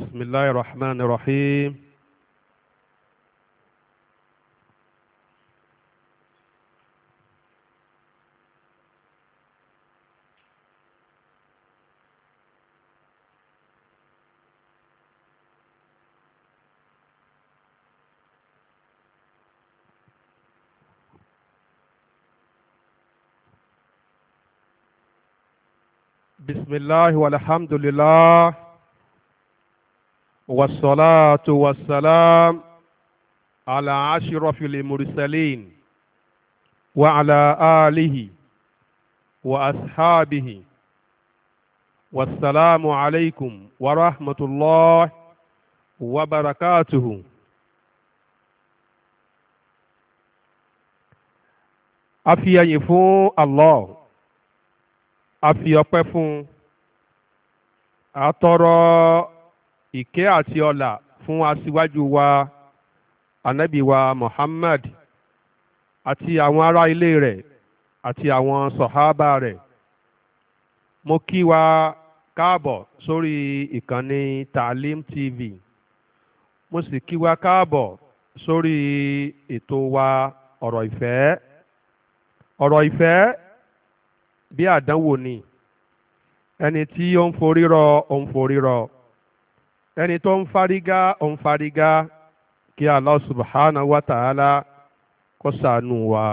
بسم الله الرحمن الرحيم بسم الله والحمد لله والصلاة والسلام على أشرف المرسلين وعلى آله وأصحابه والسلام عليكم ورحمة الله وبركاته afi يفون الله Allah afi ọpẹ́ ìkẹ́ àti ọlà fún aṣíwájú wa ànábì wa Muhammad àti àwọn ará ilé rẹ̀ àti àwọn sọ̀hábà rẹ̀ mo kí wa káàbọ̀ sórí ìkànnì Taalim TV mo sì kí wa káàbọ̀ sórí ètò wa ọ̀rọ̀ ìfẹ́ ọ̀rọ̀ ìfẹ́ bí àdánwò ni ẹni tí ó ń forí rọ ó ń forí rọ ẹni tó ń fárígá ó ń fárígá kí Allah subhanahu wa ta'ala kó ṣàánú wa.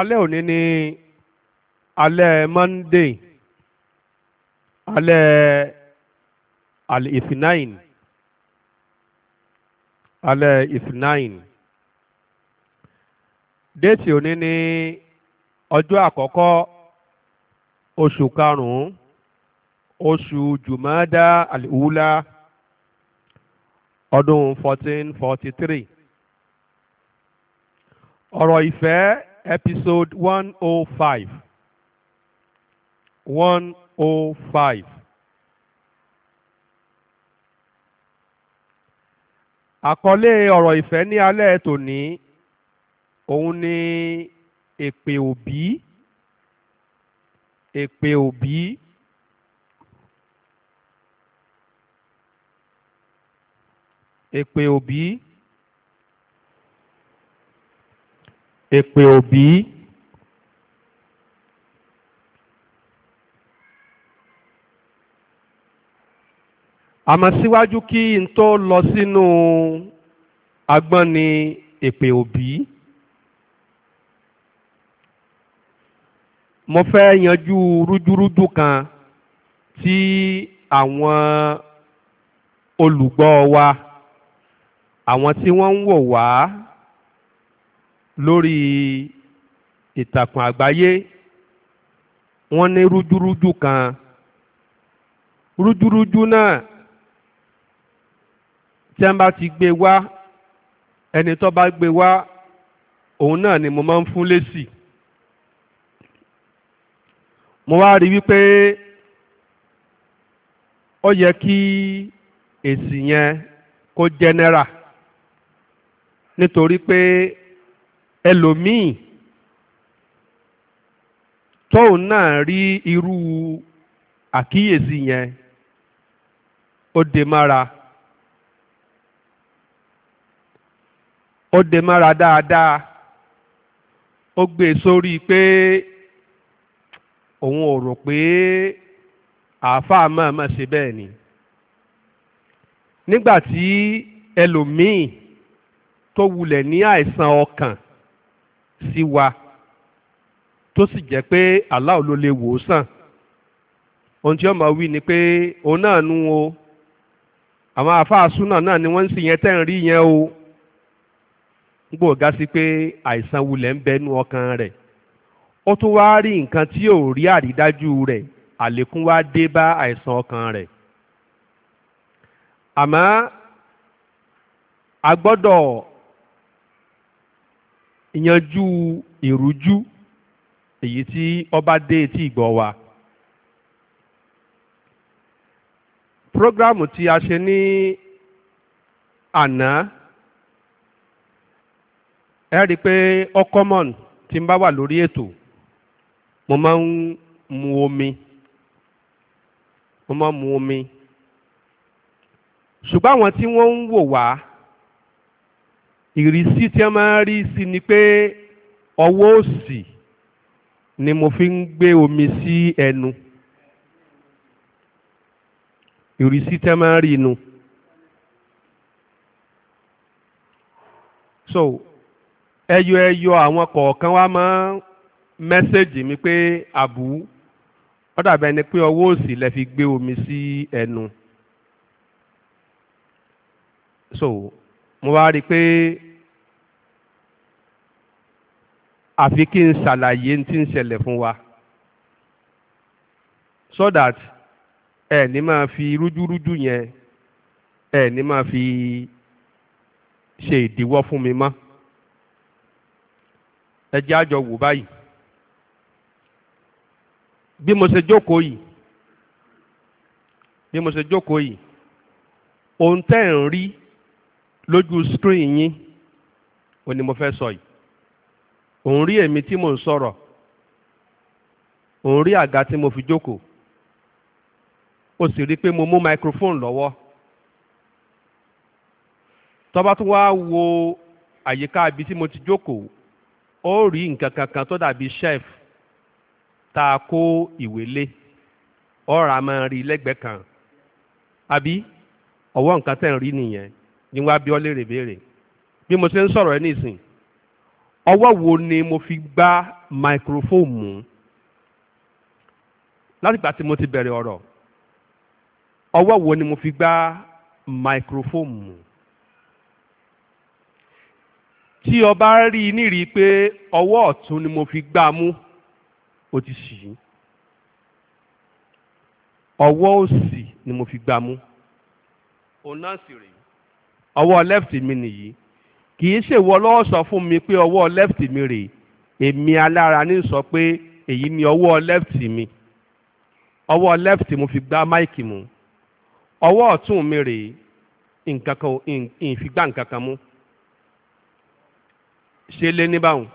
alẹ́ òní ni alẹ́ Monday alẹ́ al-Ithnain alẹ́ ifnain déètì òní ní ọjọ́ àkọ́kọ́ oṣù karùn-ún oṣù jùmọ́dá àlùwúlá ọdún three. ọ̀rọ̀ ìfẹ́ episode one oh One oh five. 105 five. àkọlé ọ̀rọ̀ ìfẹ́ ní alẹ́ tòní òun ni èpè òbí èpè òbí. èpè òbí èpè òbí àmọ́ síwájú kí n tó lọ sínú agbọ́n ni èpè òbí mo fẹ́ yanjú rújúrújú kan tí àwọn olùgbọ́ wa àwọn tí wọ́n ń wò wá lórí ìtàkùn àgbáyé wọ́n ní rújúrújú kan rújúrújú náà tí wọ́n bá ti gbé wá ẹni tó bá gbé wá òun náà ni mo máa ń fún lésì mo wá rí wípé ó yẹ kí èsì yẹn kó jẹnẹra nítorí pé ẹlòmíì tóun náà rí irú àkíyèsí yẹn ó dè mára ó de mára dáadáa ó gbé e sórí pé òun ò rò pé àáfàá máa máa ṣe bẹ́ẹ̀ ni nígbà tí ẹlòmíì tó wulẹ̀ ní àìsàn ọkàn sí wa tó sì jẹ́ pé Allah ló lè wò ó sàn ohun tí ó máa wí ni pé òun náà nu o àwọn àáfàá súnà náà ni wọ́n ń sìn yẹn tẹ́ ń rí yẹn o nígbà ó ga sí pé àìsàn wulẹ̀ ń bẹnu ọkàn rẹ̀ ó tún wá rí nǹkan tí ò rí àrídájú rẹ̀ àlékún wá dé bá àìsàn ọkàn rẹ̀ àmọ́ a gbọ́dọ̀ yanjú ìrújú èyí tí ọba dé etí ìgbọ́ wa. prógrámù tí a ṣe ní àná ẹ rí i pé ọkọ́mọ̀n tí n bá wà lórí ètò mo máa ń mu omi mo máa ń mu omi ṣùgbọ́n àwọn tí wọ́n ń wò wá ìrísí tí wọ́n máa ń rí sí ni pé ọwọ́ òsì ni mo fi ń gbé omi sí ẹnu ìrísí tí wọ́n máa ń rí inú. so ẹyọ ẹyọ àwọn kọ̀ọ̀kan wá máa mẹ́sẹ̀gì mi pé àbú ó dàbẹ̀ ni pé ọwọ́ òsì lẹ fi gbé omi sí ẹnu so mo wá rí i pé àfi kí n ṣàlàyé tí ń ṣẹlẹ̀ fún wa so that ẹ ní máa fi rújúrújú yẹn ẹ ní máa fi ṣe ìdíwọ́ fún mi mọ́ ẹ jẹ́ àjọ wò báyìí bí mo ṣe jókòó yìí bí mo ṣe jókòó yìí ohun tẹ́ ẹ̀ ń rí lójú screen yín ó ní mo fẹ́ sọ yìí òun rí èmi tí mò ń sọ̀rọ̀ òun rí àga tí mo fi jókòó ó sì rí i pé mo mú microphone lọ́wọ́ tó bá tún wá wo àyíká ibi tí mo ti jókòó ó rí nǹkan kankan tó dàbí shelf tá a kó ìwé lé ọ̀rá máa rí lẹ́gbẹ̀ẹ́ kan àbí ọwọ́ nǹkan tẹ̀ ń rí nìyẹn ni wọ́n á bí ọ léèrè béèrè bí mo ṣe ń sọ̀rọ̀ ẹ nísìn ọwọ́ wo ni mo fi gbá microphone mú látìgbà tí mo ti bẹ̀rẹ̀ ọ̀rọ̀ ọwọ́ wo ni mo fi gbá microphone mú tí ọba rí i nírì pé ọwọ́ ọ̀tún ni mo fi gbá a mú ó ti ṣì í ọwọ́ òsì ni mo fi gbá a mú òun náà sì rèé ọwọ́ left mi nìyí kì í ṣèwọ lọ́wọ́ sọ fún mi pé ọwọ́ left mi rèé èmi alára ní sọ pé èyí ni ọwọ́ left mi ọwọ́ left mo fi gbá máìkì mú ọwọ́ ọ̀tún mi rèé nǹkan kan ìfigbá nǹkan kan mú ṣe lé ní báwọn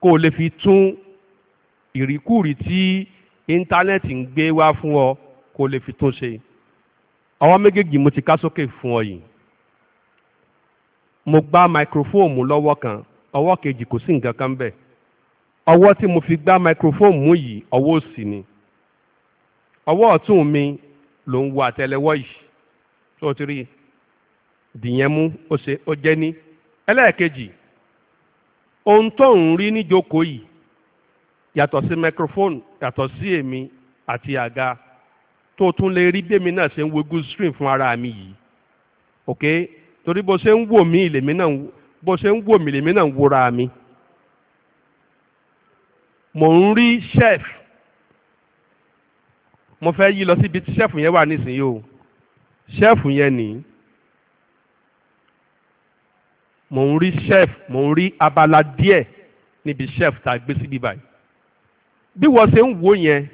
kó o lè fi tún ìríkúrí tí íńtánẹ́ẹ̀tì ń gbé wá fún ọ kó o lè fi tún ṣe àwọn méjèèjì mo ti ká sókè fún ọ yìí mo gbá máikrófóòmù lọ́wọ́ kan ọwọ́ kejì kò sí nǹkan kan bẹ́ẹ̀ ọwọ́ tí mo fi gbá máikrófóòmù yìí ọwọ́ òsì ni ọwọ́ ọ̀tún mi ló ń wo àtẹ́lẹwọ́ yìí tó o ti rí dìyẹn mú ó jẹ́ ní ẹlẹ́ẹ̀kejì ohun tó ń rí níjókòó yìí yàtọ̀ sí microphone yàtọ̀ sí èmi àti àga tó tún lè rí bẹ́mi náà ṣe ń wo good stream fún ara mi yìí ok torí bó ṣe ń wò mí lèmi náà bó ṣe ń wò mí lèmi náà ń wòra mi mò ń rí chef mo fẹ́ yí lọ síbi tí chef yẹn wà nísìnyí o chef yẹn nìyí mò ń rí chef mò ń rí abala díẹ̀ níbi chef tá a gbé síbí báyìí bí wọ́n ṣe ń wò yẹn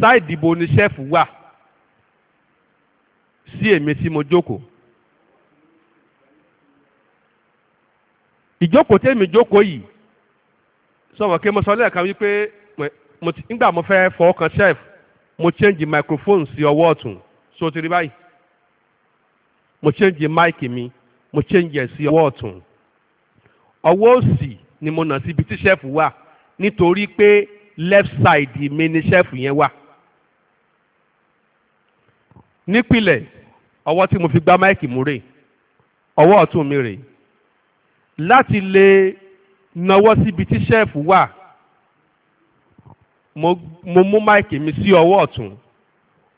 sáìdì bo ni chef wà sí èmi tí mo jókòó ìjókòó tèmi jókòó yìí sọ̀rọ̀ kí mo sọ lẹ́ẹ̀kan wípé nígbà mo fẹ́ fọwọ́ kan chef mo change microphone sí ọwọ́ ọ̀tún so ti rí báyìí mo change mic mi mo change ẹ̀ sí ọwọ́ ọ̀tún ọwọ́ òsì ni mo nà sí ibi tí ṣẹ́ẹ̀fù wà nítorí pé left side mi ni ṣẹ́ẹ̀fù yẹn wà nípìlẹ̀ ọwọ́ tí mo fi gbá máìkì mú rè ọwọ́ ọ̀tún mi rè láti lè nawọ́ síbi tí ṣẹ́ẹ̀fù wà mo mú máìkì mi sí ọwọ́ ọ̀tún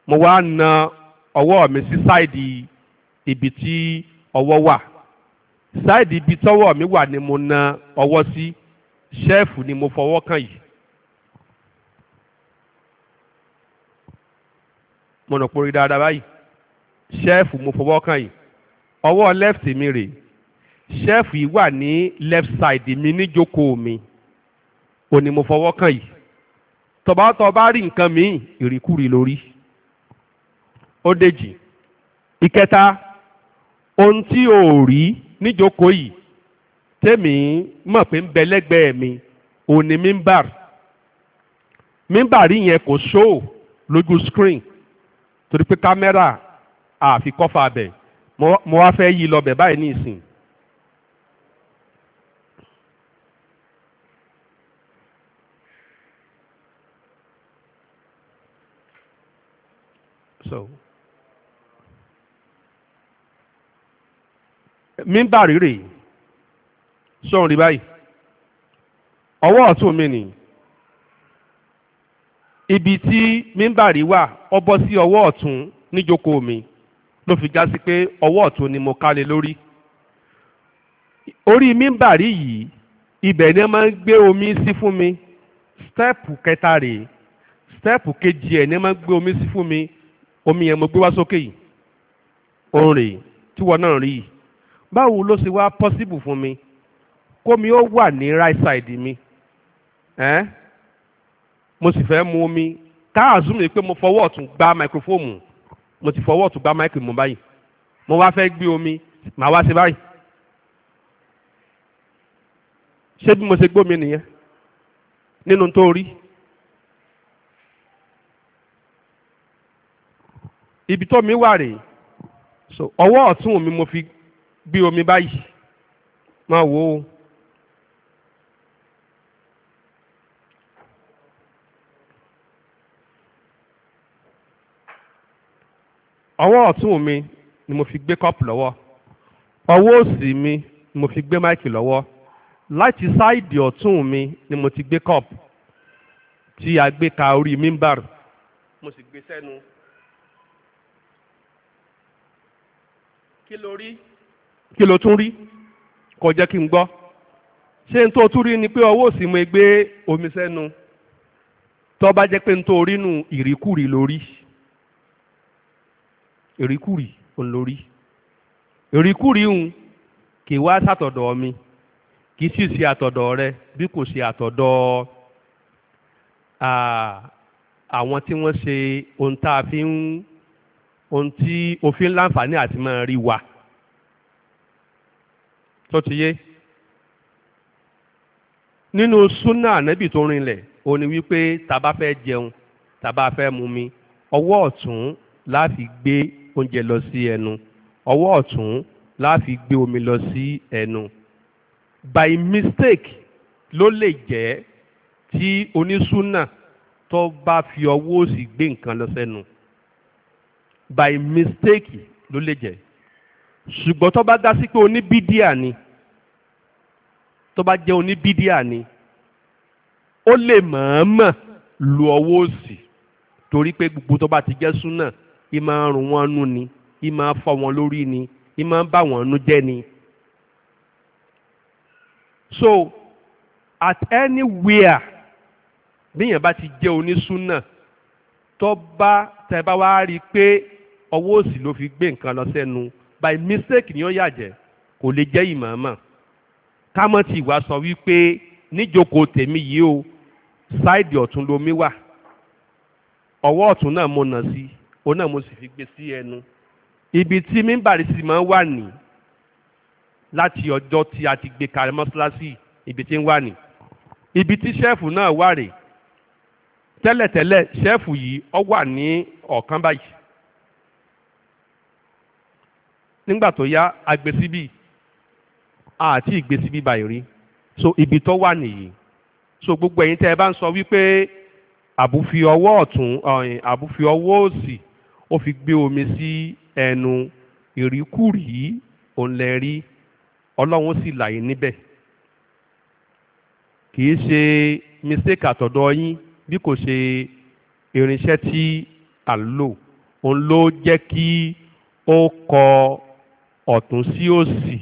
mo wá na ọwọ́ mi sí sáìdì ibi tí ọwọ́ wà sáìdì ibi tọ́wọ́ mi wà ni mo na ọwọ́ sí ṣẹ́ẹ̀fù ni mo fọwọ́ kàn yìí. mo nà porí dáadáa báyìí ṣẹ́ẹ̀fù mo fọwọ́ kàn yìí ọwọ́ left mi rè ṣẹ́ẹ̀fù yìí wà ní left side mi níjókòó mi òní mo fọwọ́ kàn yìí tọba tọba rí nǹkan míì ìrìkúrì lórí ó dèjì ìkẹta ohun tí o ò rí níjókòó yìí tèmi mọ̀ pé ń bẹ lẹ́gbẹ̀ẹ́ mi òun ni mímbàr mímbàr yẹn kò ṣóò lójú screen torí pé kámẹ́rà àfi kọ́fà bẹ̀ mo wá fẹ́ yí lọ́bẹ̀ báyìí ní ìsìn. So. mímbà rírè sọ̀rọ̀ rí báyìí ọwọ́ ọ̀tún mi nì ibi tí mímbà rí wà ọ bọ́ sí ọwọ́ ọ̀tún níjókòó mi ló fi já sí pé ọwọ́ ọ̀tún ni mo kálẹ̀ lórí orí mímbà rí yìí ibẹ̀ ni wọ́n máa ń gbé omi sí fún mi stẹ́ẹ̀pù kẹta rèé stẹ́ẹ̀pù kejì ẹ̀ ni wọ́n máa ń gbé omi sí fún mi omi yẹn mo gbé wá sókè yìí òun rèé tí wọ́n náà rí yìí báwo ló ṣe wá possible fún mi kómi ó wà ní right side mi ẹ́n mo sì fẹ́ mu omi ká àzúmi pé mo fọwọ́ ọ̀tún gba microphone mo ti fọwọ́ ọ̀tún gba mic mo báyìí mo wá fẹ́ gbé omi màá wá ṣe báyìí ṣé bí mo ṣe gbómi nìyẹn nínú tó rí ibi tó mi wà rèé so ọwọ́ ọ̀tún mi mo fi bí omi báyìí máa wò ó. ọwọ́ ọ̀tún mi ni mo fi gbé kọ́ọ̀pù lọ́wọ́ ọwọ́ òsì mi ni mo fi gbé máìkì lọ́wọ́ láti sáìdì ọ̀tún mi ni mo ti gbé kọ́ọ̀pù tí a gbé ka orí mímbàr mo sì gbé sẹ́nu kí ló rí kí ló tún rí kò jẹ́ kí n gbọ́ ṣé n tó tún rí ni pé ọwọ́ òsì mo gbé omi sẹ́nu tó bá jẹ́ pé n tó rí nu ìríkùrì lórí ìríkùrì òun lórí ìríkùrì òun kì í wá sàtọ̀dọ̀ mi kì í sì ṣe àtọ̀dọ̀ rẹ bí kò ṣe àtọ̀dọ̀ àwọn tí wọ́n ṣe ohun tá a fi ń ohun tí òfin láǹfààní àti máa rí wa tó ti yé nínú súnà ànábì tó rinlẹ̀ ó ní wípé tá bá fẹ́ jẹun tá bá fẹ́ mumi ọwọ́ ọ̀tún la fi gbé oúnjẹ lọ sí ẹnu ọwọ́ ọ̀tún la fi gbé omi lọ sí ẹnu by mistake ló lè jẹ́ tí onísúnà tó bá fi ọwọ́ òsì gbé nǹkan lọ sẹ́nu by mistake ló lè jẹ́ ṣùgbọ́n tó bá dá pé oníbídíà ni tó bá jẹ́ oníbídíà ni ó lè mọ̀ọ́mọ̀ lu ọwọ́ òsì torí pé gbogbo tó bá ti jẹ́ súnà ì máa ń rún wọn nú ni ì máa ń fọ́ wọn lórí ni ì máa ń bà wọ́n nú jẹ́ ni. so at anywhere bíyàn bá ti jẹ́ onísúnà tó bá tẹ̀ bá wá rí i pé ọwọ́ òsì ló fi gbé nǹkan lọ sẹ́nu by mistake ni ó yàjẹ́ kò lè jẹ́ ìmọ̀ọ́mọ̀ kámọ́ ti wá sọ wípé níjókòó tèmi yìí o sáìdì ọ̀tún lomi wà ọwọ́ ọ̀tún náà mo nà sí òun náà mo sì fi gbé sí ẹnu ibi tí mímbàrí sì máa ń wà ní láti ọjọ́ tí a ti gbé kalẹ̀ mọ́ṣáláṣí ibi tí ń wà ní ibi tí ṣẹ́ẹ̀fù náà wà rè tẹ́lẹ̀tẹ́lẹ̀ ṣẹ́ẹ̀fù yìí ó wà ní ọ̀kan báyìí nígbà tó yá agbésíbì àti ìgbésíbì báyìí rí so ibi tó wà nìyí so gbogbo ẹ̀yin tẹ́ ẹ bá ń sọ wípé àbúfi ọwọ́ ọ̀tún àbúfi eh, ọwọ́ òsì ó fi gbé omi sí ẹnu ìríkùrí òǹlẹ̀rí ọlọ́run sì là yín níbẹ̀ kì í ṣe mistake àtọ̀dọ̀ yín bí kò ṣe irinṣẹ́ tí à ń lò òun ló jẹ́ kí ó kọ ọ̀tún sí òsì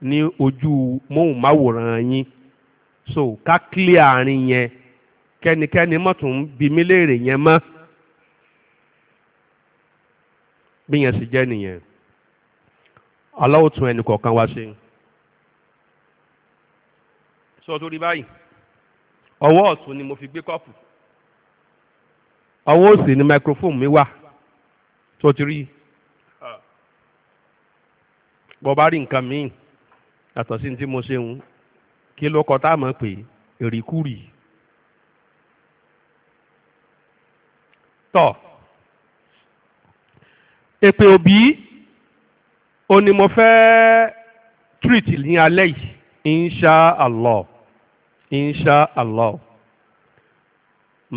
ní ojú móhùnmáwòrán yín so ká clear àárín yẹn kẹ́nikẹ́ni mọ̀tún bí mi léèrè yẹn mọ́ bí yẹn sì jẹ́ nìyẹn aláwòtún ẹnì kọ̀ọ̀kan wá ṣe sọ tó rí báyìí ọwọ́ ọ̀tún ni mo fi gbé kọ́ọ̀pù ọwọ́ òsì ni microphone mi wà tó ti rí i bó bá rí nǹkan míì yàtọ̀ sí tí mo ṣe ń kí ló kọ tá a mọ̀ pé èríkùrì. tọ́ èpè òbí ó ní mo fẹ́ treat ní alẹ́ yìí insha allah insha allah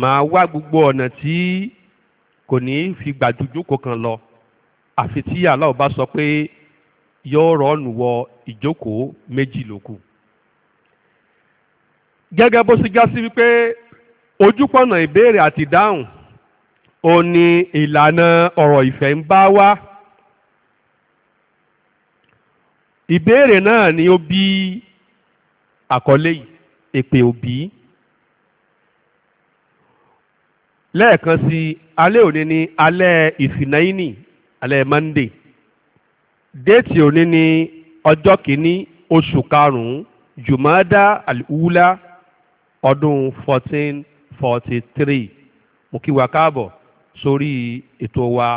màá wá gbogbo ọ̀nà tí kò ní fi gbàdúgbò kan lọ àfi tí Allah bá sọ pé. yóò rọ́ọ̀nù wọ ìjókòó méjì lókù. gẹ́gẹ́ bó ṣe já sí wípé ojúpọ̀nà ìbéèrè àti ìdáhùn ò ni ìlànà ọ̀rọ̀ ìfẹ́ ń bá wá. ìbéèrè náà ni ó bí àkọlé yìí èpè òbí. lẹ́ẹ̀kan sí alẹ́ òní ní alẹ́ ìfìnnáyìnì alẹ́ Monday. déètì òní ni ọjọ́ kìíní oṣù karùn-ún jùmọ́dá àlùwúlá ọdún 1443 mo kí wa káàbọ̀ sórí ètò wa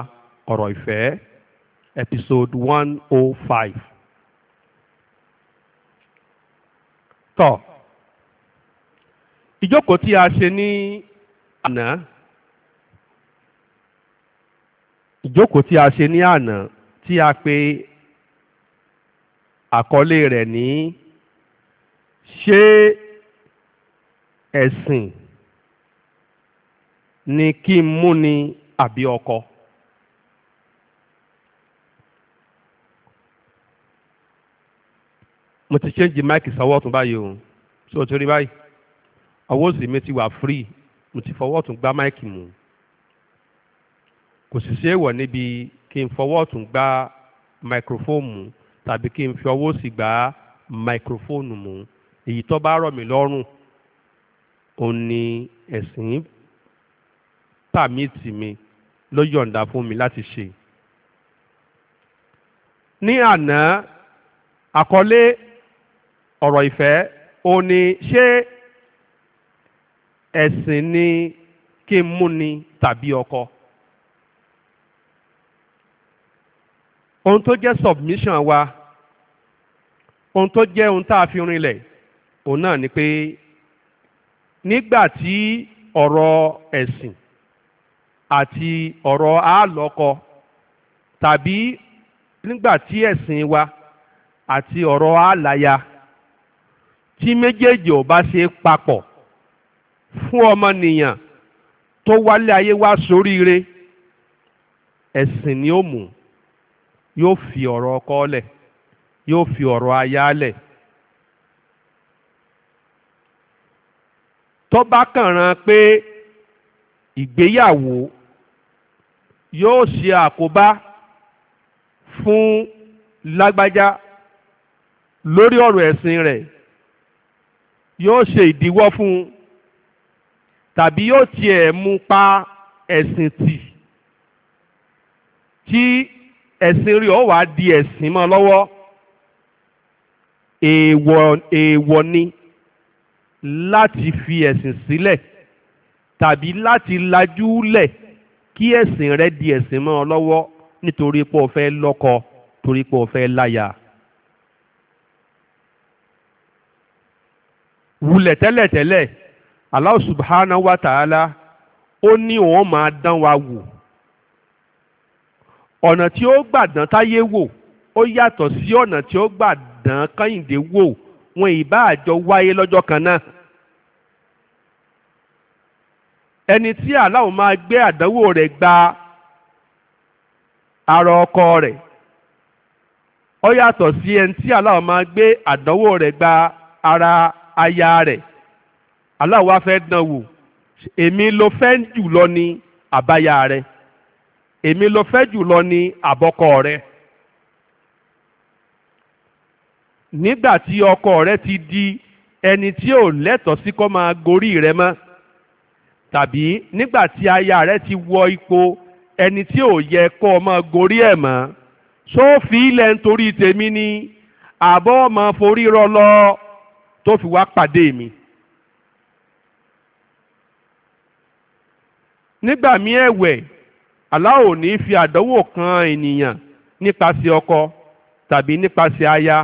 ọ̀rọ̀ ìfẹ́ episode 105. tọ́ ìjókòó tí a ṣe ní àná ìjókòó tí a ṣe ní àná tí a pè àkọlé rẹ̀ ní ṣé ẹ̀sìn ni kí n mú àbí ọkọ. mo ti change máìkì sọ́wọ́ ọ̀tún báyìí o so torí báyìí ọwọ́ òsì mi ti wà free mo ti fọwọ́ ọ̀tún gbá máìkì mú kò sì ṣe é wọ̀ níbi kí n fọwọ́ ọ̀tún gbá máikrófóònù mú tàbí kí n fi ọwọ́ òsì gbá máikrófóònù mú èyí tó bá rọ̀ mí lọ́rùn òun ni ẹ̀sìn pàmìtì mi ló yọ̀ǹda fún mi láti ṣe. ní àná àkọlé ọ̀rọ̀ ìfẹ́ òun ni ṣé ẹ̀sìn ni kí n mú ni tàbí ọkọ. ohun tó jẹ́ submission wa ohun tó jẹ́ ohun tá a fi rinlẹ̀ òun náà ni pé nígbà tí ọ̀rọ̀ ẹ̀sìn àti ọ̀rọ̀ àálọ́kọ tàbí nígbà tí ẹ̀sìn wa àti ọ̀rọ̀ àláya tí méjèèjì ò bá ṣe papọ̀ fún ọmọnìyàn tó wálé ayé wá sóríire ẹ̀sìn ni ó mú un yóò fi ọ̀rọ̀ ọkọ lẹ̀ yóò fi ọ̀rọ̀ aya lẹ̀ tó bá kànran pé ìgbéyàwó yóò ṣe àkóbá fún lágbájá lórí ọ̀rọ̀ ẹ̀sìn rẹ̀ yóò ṣe ìdíwọ́ fún un tàbí yóò tiẹ̀ mú pa ẹ̀sìn tì tí ẹ̀sìn rí ọ di ẹ̀sìn mọ́ lọ́wọ́ èèwọ̀ ni láti fi ẹ̀sìn sílẹ̀ tàbí láti lajú lẹ̀ kí ẹ̀sìn rẹ di ẹ̀sìn mọ́ lọ́wọ́ nítorí pé o lọ́kọ torí pé o wulẹ̀ tẹ́lẹ̀tẹ́lẹ̀ subhanahu wa ta'ala ó ní ọ̀nà tí ó gbà dán táyé wò ó yàtọ̀ sí ọ̀nà tí ó gbà dán kẹ́hìndé wò wọn ìbá àjọ wáyé lọ́jọ́ kan náà. ẹni tí aláwo máa gbé àdánwò rẹ̀ gba ara ọkọ rẹ̀ ó yàtọ̀ sí ẹni tí aláwo máa gbé àdánwò rẹ̀ gba ara aya rẹ̀ aláwo wá fẹ́ dán wò èmi ló fẹ́ jù lọ ni àbáyá rẹ̀. èmi ló fẹ́ jùlọ ní àbọ̀kọ rẹ nígbà tí ọkọ rẹ ti di ẹni tí ò lẹ́tọ̀ọ́ sí kó máa gorí rẹ mọ́ tàbí nígbà tí aya rẹ ti wọ ipò ẹni tí ò yẹ kó o máa gorí ẹ̀ mọ́ sófin ilẹ̀ nítorí tèmi ni àbọ̀ ọmọ forí rọ lọ tó fi wá pàdé mi. nígbà míì ẹ̀wẹ̀ Allah ò ní fi àdánwò kan ènìyàn nípasẹ̀ ọkọ tàbí nípasẹ̀ aya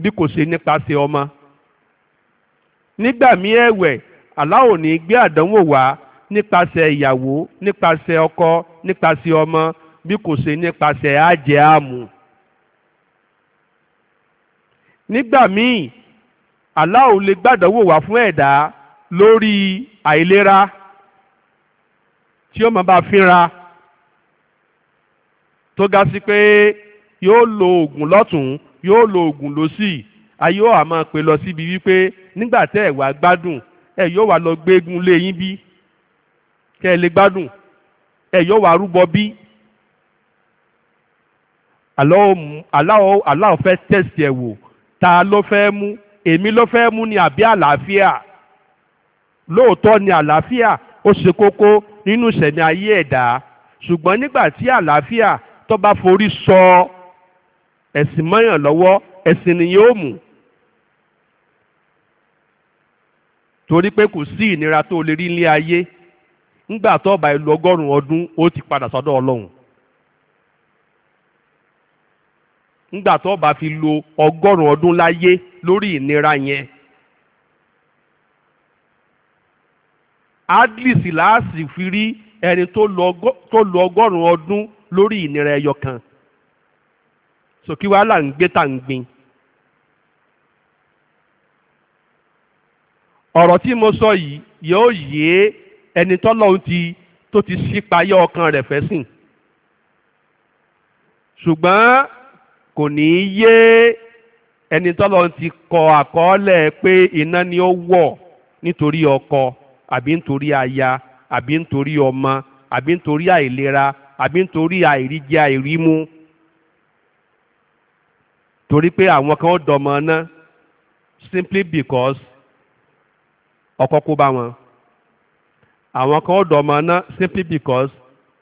bí kò ṣe nípasẹ̀ ọmọ nígbà míì ẹ̀wẹ̀ Allah ò ní gbé àdánwò wá nípasẹ̀ ìyàwó nípasẹ̀ ọkọ nípasẹ̀ ọmọ bí kò ṣe nípasẹ̀ àjẹ́ àmù nígbà míì Allah lè gbàdánwò wá fún ẹ̀dá lórí àìlera tí ó máa bá fínra tó ga sí pé yóò lo oògùn lọ́tún yóò lo oògùn lọ́sì ayé ò àmọ́ pé lọ síbi wípé nígbà tẹ́ ẹ̀ wá gbádùn ẹ̀ yóò wá lọ gbégun lé yín bí kẹ́ ẹ lè gbádùn ẹ̀ yóò wá rúbọ bí aláwọ̀ fẹ́ tẹ̀sí ẹ̀ wò ta ló fẹ́ mú èmi ló fẹ́ mú ni àbí àlàáfíà lóòótọ́ ni àlàáfíà ó ṣe kókó nínú ìṣẹ̀mí ayé ẹ̀dá ṣùgbọ́n nígbà tí àlàáfíà tó bá forí sọ ẹ̀sìn mọ́yàn lọ́wọ́ ẹ̀sìn nìyẹn ó mú torí pé kò sí ìnira tó lè rí ilé ayé ńgbà tó bá ìlú ọgọ́rùn-ún ọdún ó ti padà sọ́dọ̀ ọlọ́run ńgbà tó bá fi lo ọgọ́rùn-ún ọdún láyé lórí ìnira yẹn adlis láàsì fi rí ẹni tó lo ọgọ́rùn-ún ọdún lórí ìnira ẹyọ kan sòkí wàhálà ń gbé tà ń gbin. ọ̀rọ̀ tí mo sọ yìí yóò yé ẹni tọ́lọ́hún ti tó ti ṣípayá ọkàn rẹ̀ fẹ́ ṣùgbọ́n kò ní í yé ẹni tọ́lọ́hún ti kọ àkọọ́lẹ̀ pé iná ni ó wọ̀ nítorí ọkọ àbí nítorí aya àbí nítorí ọmọ àbí nítorí àìlera àbí nítorí àìríjẹ àìrímu torí pé àwọn kan dọmọ náà simply because ọkọ kó bá wọn àwọn kan dọmọ náà simply because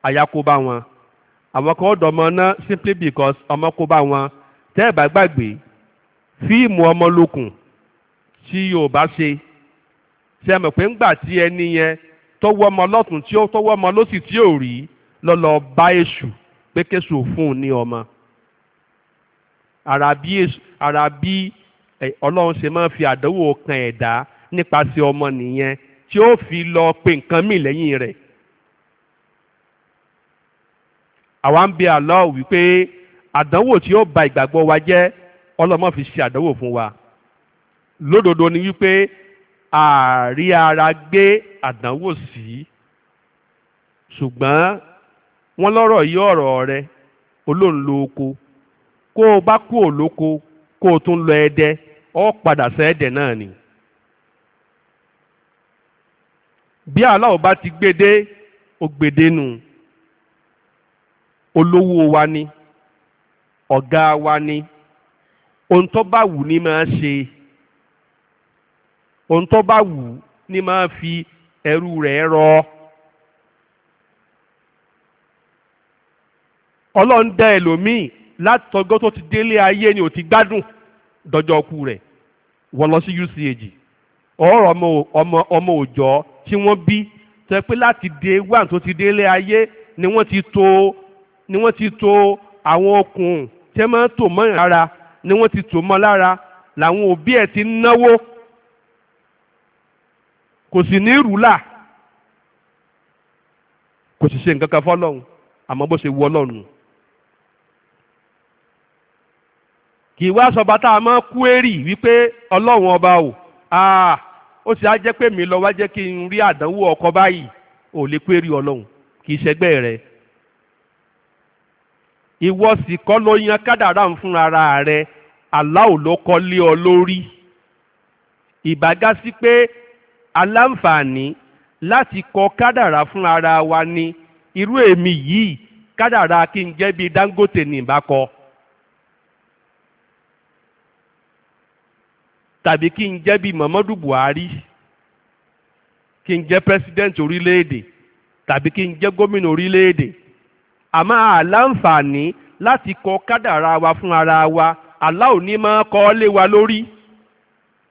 aya kó bá wọn àwọn kan dọmọ náà simply because ọmọ kó bá wọn tẹ́ ẹ̀ bá gbàgbé fíìmù ọmọlókun tí yóò bá ṣe ṣe mọ̀ pé ńgbà tí ẹni yẹn tọwọ́ ọmọ lọ́tún tí ó tọwọ́ ọmọ lọ́sì tí ò rí lọ́lọ́ bá èṣù pé kéṣù fún un ní ọmọ ara bí ọlọ́run ṣe máa fi àdánwò kan ẹ̀dá nípasẹ̀ ọmọ nìyẹn tí ó fi lọ pe nǹkan mì lẹ́yìn rẹ̀ àwa ń bẹ àlọ́ wípé àdánwò tí ó ba ìgbàgbọ́ wa jẹ́ ọlọ́mọ fi ṣe àdánwò fún wa lódodo ni wípé àárí ara gbé àdánwò sí ṣùgbọ́n wọn lọrọ yí ọrọ rẹ olóhùn lo oko kó o bá kú òlóko kó o tún lọ ẹdẹ ọ padà sẹ́ẹ̀dẹ̀ náà ni. bí aláwọ̀ bá ti gbédé ó gbédé nù olówó wa ni ọ̀gá wa ni ohun tó bá wù ni máa ṣe ohun tó bá wù ni máa fi ẹrú rẹ rọ. ọlọ́run dá ẹlòmíì látọgọ́ tó ti délé ayé ni ò ti gbádùn dọjọ́ ọkù rẹ̀ wọ́n lọ sí UCAG ọ̀rọ̀ ọmọ ọmọ òòjọ́ tí wọ́n bí tẹ pé láti dé wà tó ti délé ayé ni wọ́n ti tò ni wọ́n ti tò àwọn okùn tẹ́ máa tò mọ́ lára ni wọ́n ti tò mọ́ lára làwọn òbí ẹ̀ ti náwó kò sì ní rúlà kò sì ṣe nǹkan kan fọ́lọ́run àmọ́ bó ṣe wù Ọlọ́run. kì í wá sọba tá a máa kú èrì wípé ọlọ́run ọba o ah, ó sì á jẹ́ pé mi lọ wá jẹ́ kí n rí àdánwò ọkọ báyìí ò lè kú èrì ọlọ́run kì í ṣẹgbẹ́ rẹ. ìwọ sì kọ́ ló yan kádàrá ń fún ara rẹ aláwo ló kọ́ lé ọ lórí. ìbágá sí pé aláǹfààní láti kọ kádàrá fún ara wa ni irú èmi yìí kádàrá kí n jẹ́ bíi Dangote ní ìbá tàbí kí n jẹ́ bíi Muhammadu Buhari kí n jẹ́ pẹ́sidẹ́ǹtì orílẹ̀-èdè tàbí kí n jẹ́ gómìnà orílẹ̀-èdè àmọ́ àláǹfààní láti kọ kádàrá wa fún ara wa aláwo ní máa kọ lé wa lórí.